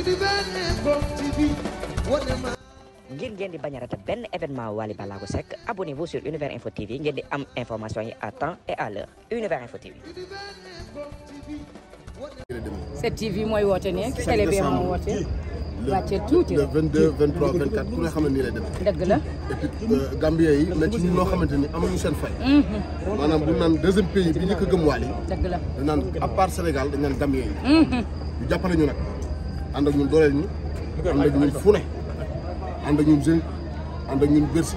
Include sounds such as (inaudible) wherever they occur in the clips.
ngir ngeen di bañ a rata benn événement Wally Ballago Seck abonnez-vous sur Univers Info TV ngeen di am information yi à temps et à l'heure Univers Info TV. 7TV mooy woote ne télé bi moo woote. wàcce tuuti le nii lay demee. dëgg la et euh, Gambien yi na ci ñun loo xamante ni amuñu seen fay. Mm-hmm. maanaam bu naan deuxième pays bi ñu gëm Wally. dëgg la naan à Sénégal dañu Gambien yi. Mm-hmm. ñu jàppale ñu nag. ànd ak ñun dooleel ñu. ànd ak ñun fu ne. ànd ak ñun Zénith ànd ak ñun Bercy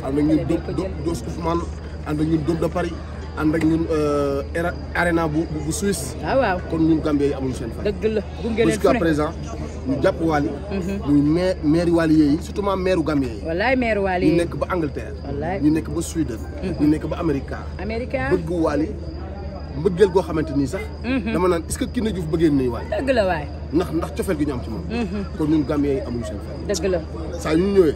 da ak ñun Do Dos Ousmane ànd ak Paris ànd ak ñun euh, arena bu bu Suisse. waaw ah, waaw kon ñun Gambie yi amuñu seen fay. dëgg la gunge leen jusqu'à présent ñu jàpp Wally. Mhm. muy maire maire Wally yi surtout maam Gambie yi. wallaay maire Wally yi ñu nekk ba Angleterre. wallaay ñu nekk ba Suède. Mhm. ñu nekk ba Amérique. Amérique bëgg Wally mbëggeel goo xamante nii sax mhm. dama naan est-ce que Kiné Diouf bëggeen nii waay dëgg la waay ndax ndax cofeel gi ñu am ci moom mhm. kon ñun Gambien yi amuñu seen fay dëgg la saa ñu ñëwee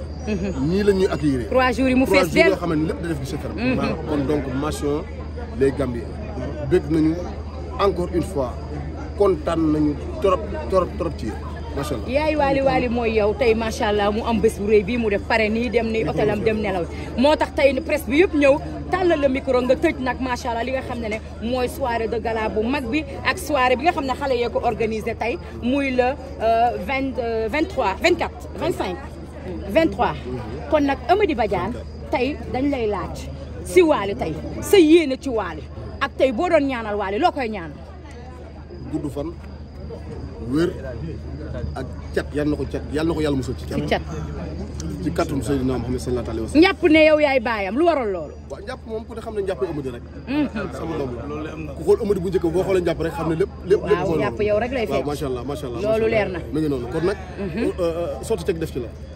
ñii mhm. la ñuy accueillir trois jours yi mu fees del yoo xamante ni lépp da def gi sa kanam kon donc mention les Gambiens bég nañu encore une fois kontaan nañu trop trop trop ci macha yaay waali waali mooy yow tey macha allah mu am bés bu rëy bii mu def pare nii dem ni hôtelam dem nelaw moo tax tey presse bi yëpp ñëw tàllal la micro nga tëj nag macha allah li nga xam ne ne mooy soirée de gala bu mag bi ak soirée bi nga xam ne xale yee ko organisé tey muy le euh, vingt euh, vingt trois vingt quatre vingt cinq vingt trois kon nag Amady Badiane tey dañ lay laaj si waali tey sa yéene ci waali ak tey boo doon ñaanal waali loo koy ñaan gudd fan wér ak cat yal na ko cat yal na ko yàlla musal ci cat. ci kàttum Seydina Muhammad sallallahu alayhi wa sallam. njàpp ne yow yaay baayam lu waral loolu. waaw moom ku ne xam ne njàpp ëmadi rek. Hmm. ku xool ëmadi bu njëkk boo xoolee njàpp rek xam ne lépp lépp lépp xool waaw njàpp rek lay fekk. waaw macha allah macha allah loolu leer na kon nag. Hmm. Euh, euh, sotti teg def ci la.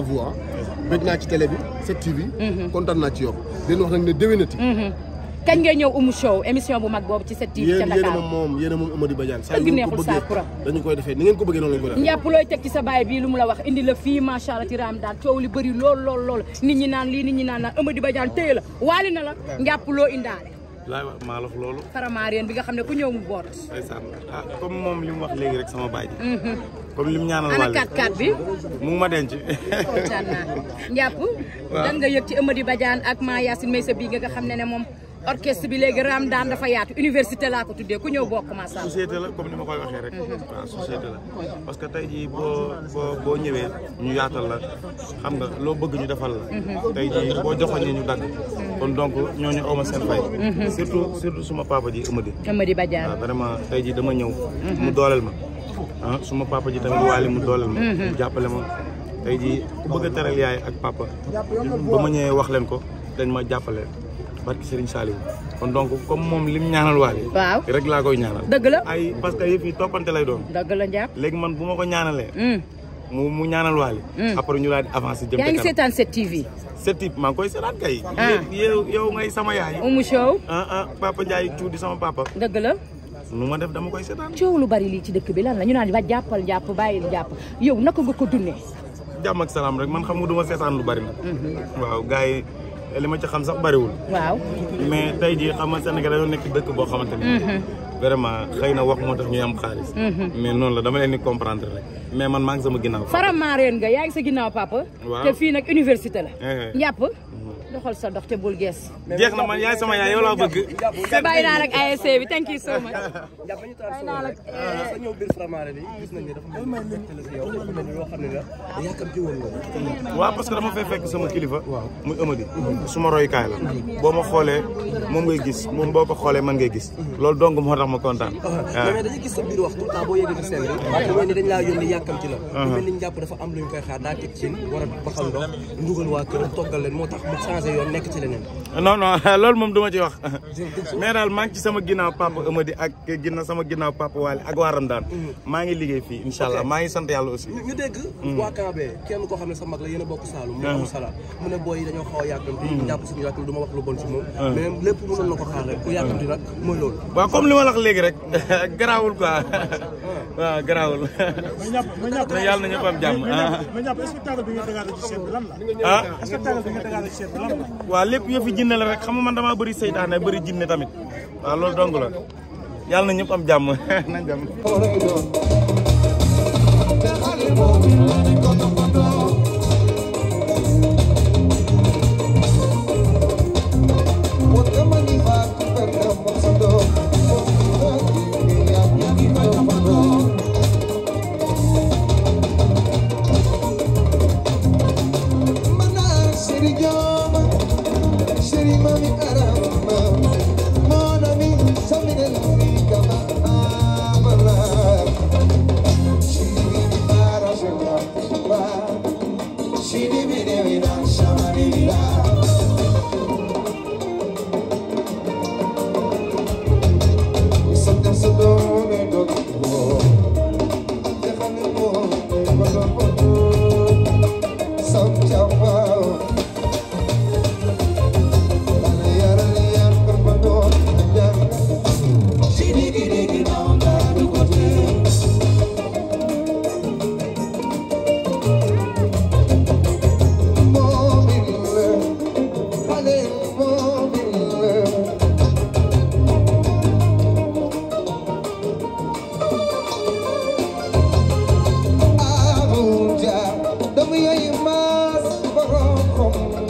à vous ah. bëgg naa tv mhm. kontaan naa ci yow. wax nag ne déwénati. Mhm. kañ ngay ñëw Oumou Show émission bu mag boobu ci 7TV yéen a moom yéen a moom Amady Badiane. saa yu ngeen ko dañu koy defee ni ngeen ko bëggee noonu lañu ko defee. ñàpp looy teg ci sa baay bii lu mu la wax indi la fii macha allah ci Ramadan coow li laay wax maa loolu fa loolu. faramaareen bi nga xam ne ku ñëw mu boot. ah comme moom li mu wax léegi rek sama baay ji. Mhm. comme li mu ñaanal wàll. ana kat bi. mu ma denc. kontaan oh, naa njàpp. (laughs) ci Amady Badiane ak maa Yacine Meysa bii nga xam ne ne moom. orchestre bi léegi raam daan dafa yaatu université laa ko tuddee ku ñëw boo ma sa société la comme ni ma koy waxee rek. Mhm. waaw société la parce que tey jii boo boo boo ñëwee ñu yaatal la xam nga loo bëgg ñu defal la. Mhm. tey jii boo joxoñee ñu dagg. kon donc ñooñu awma seen fay mhm. surtout surtout suma papa ji Amady Amady Badiane waaw ah, vraiment tey jii dama ñëw mhm. mu dooleel ma ah suma papa ji tamit waali mu dooleel ma mhm. mu jàppale ma tey ji ku a teral yaay ak papa ba ma ñëwee wax leen ko dañ ma jàppale barki sëriñ Saliou kon donc comme moom lim ñaanal waale waaw rek laa koy ñaanal dëgg la ay parce que yëf yi lay doon dëgg léegi man bu ma ko ñaanalee mm. mu mu ñaanal waale. Mm. après ñu daal di avancé jëm yaa ngi seetaan 7TV. 7TV maa ngi koy seetaan kay. Ah. yow yow ngay sama yaay. Oumou Sow ah ah papa Ndiaye tuuti sama papa. dëgg la. nu ma def dama koy seetaan. coow lu bari lii ci dëkk bi lan la ñu naan ba jàppal jàpp bàyyil jàpp yow naka nga ko dundee. jàmm ak salaam rek man xam nga du ma lu bari na. Mm-hmm. waaw gars yi li ma ci xam sax bariwul. waaw mais tey jii xam nga Sénégal dañoo nekk dëkk boo xamante ni. Mm-hmm. vraiment xëy na wax moo tax ñuy am xaalis. Mhm. mais noonu la dama leen di comprendre rek mais man maa ngi sama ginnaaw. faramaareen nga yaa sa ginnaaw papa. waaw te fii nag université la. ñàpp. Eh, eh. doxal sa dox te bul gees. jeex na man yaay sama sa ah, ñëw biir Faramaré bi gis nañ ne dafa mel ni mbégte la si yow dafa mel ni loo xam ne la yàkkamti woon nga. waaw parce que dama fay fekk sama kilifa. waaw muy Amady. suma la. boo ma xoolee moom ngay gis moom boo ko xoolee man ngay gis. loolu dong moo tax ma kontaan. waaw ah, mais dañuy gis sa biir wax tout le temps boo yeggee ci seen bi. waaw dañu laa yónni yàkkamti la. mu ah. mel ni ñu jàpp la am lu ñu koy xaar daa teg ci war a baxal ndox ndugal waa këram toggal leen moo tax mu changé yoon nekk ci leneen. non non (laughs) loolu moom du ma ci wax. mais daal maa ngi ci sama ginnaaw papa Amady ak ginnaaw sama ginnaaw papa Waly ak waa Ramadane. Mhm. maa ngi liggéey fii incha allah maa ngi sant yàlla aussi. ñu dégg. Mhm. waa Kambe kenn xam ne sa mag la yéen a bokk Saalum. Uh-huh. mu ne booy dañoo xaw a yàkkamti. Mhm. jàpp suñu yàkkamti du ma wax lu bon ci moom. Uh-huh. mais lépp mënoon na ko xaar rek ku yàkkamti nag mooy loolu. waaw comme li ma la wax léegi rek (laughs) garaawul quoi (laughs) waaw garaawul. yàlla na ñëpp ah. waaw lépp yëfi jinne la rek xam nga man damaa bëri seytaane bëri jinne tamit waaw loolu dong la yàlla na ñëpp am jàmm (laughs) nañ jàmm Thank you.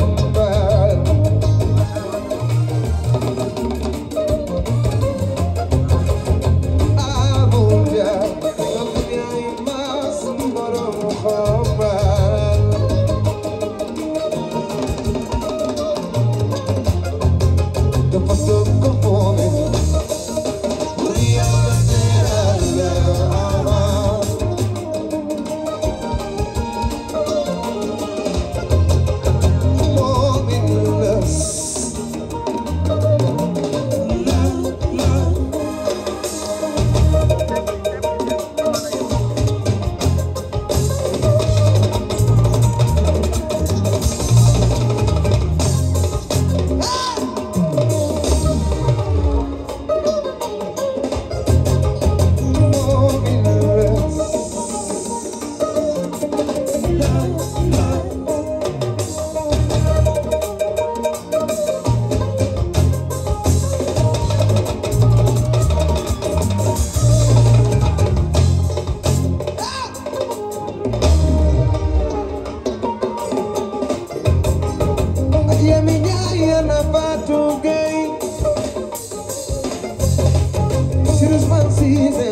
season.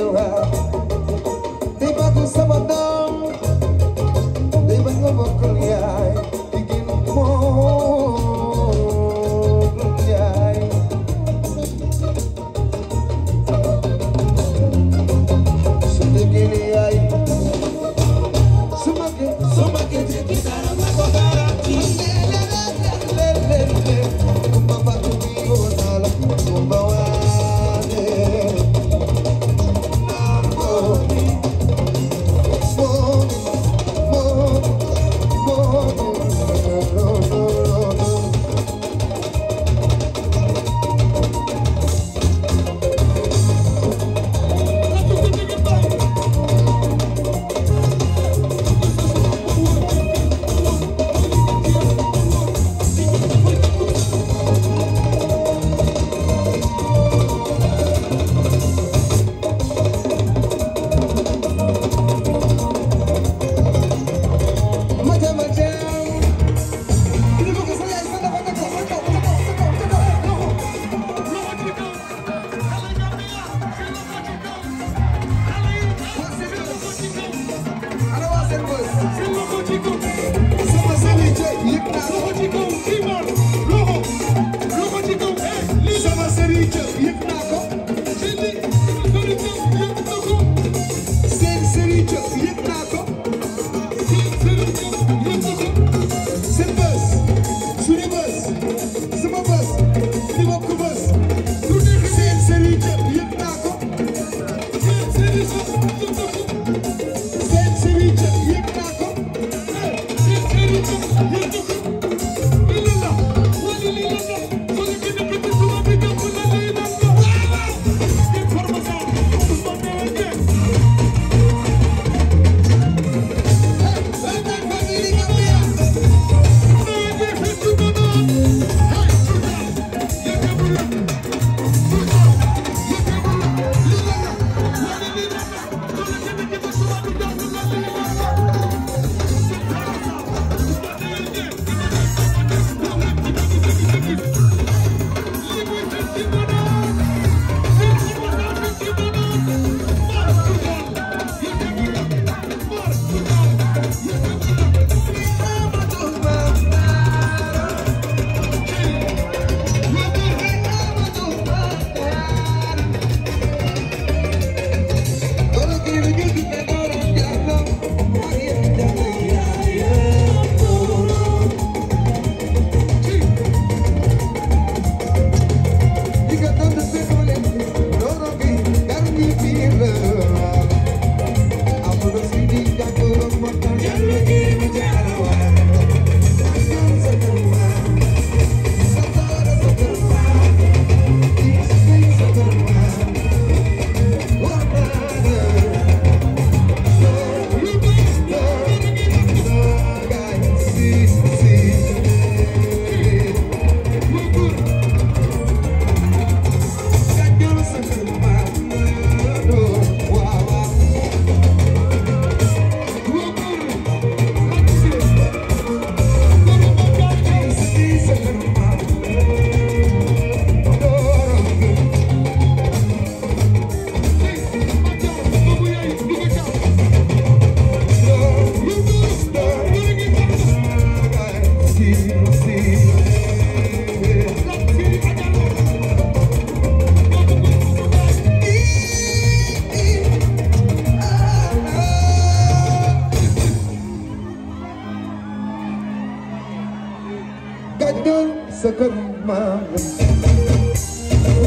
Kadal sa kër maam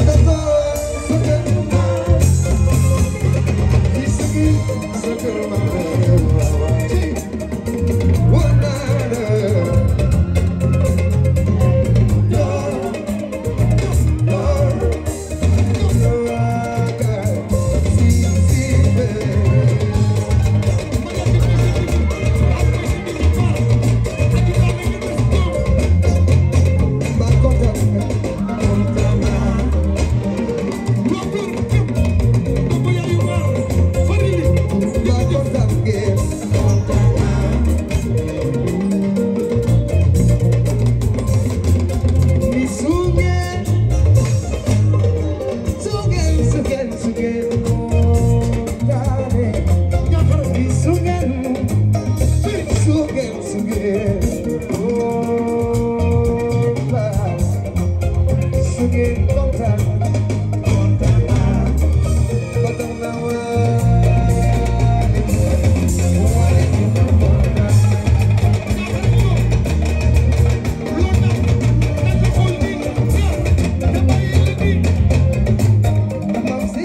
Kadal sa kër maam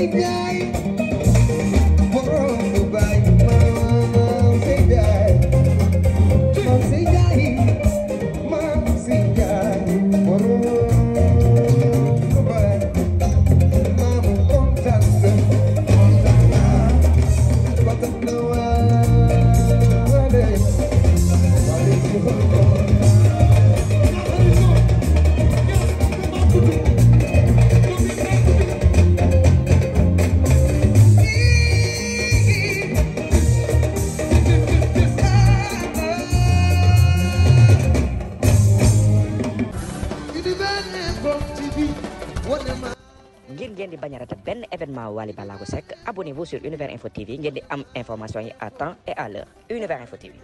bien. événement Wally Ballago Seck abonnez-vous sur Univers Info TV ngeen information yi et à l'heure Univers Info TV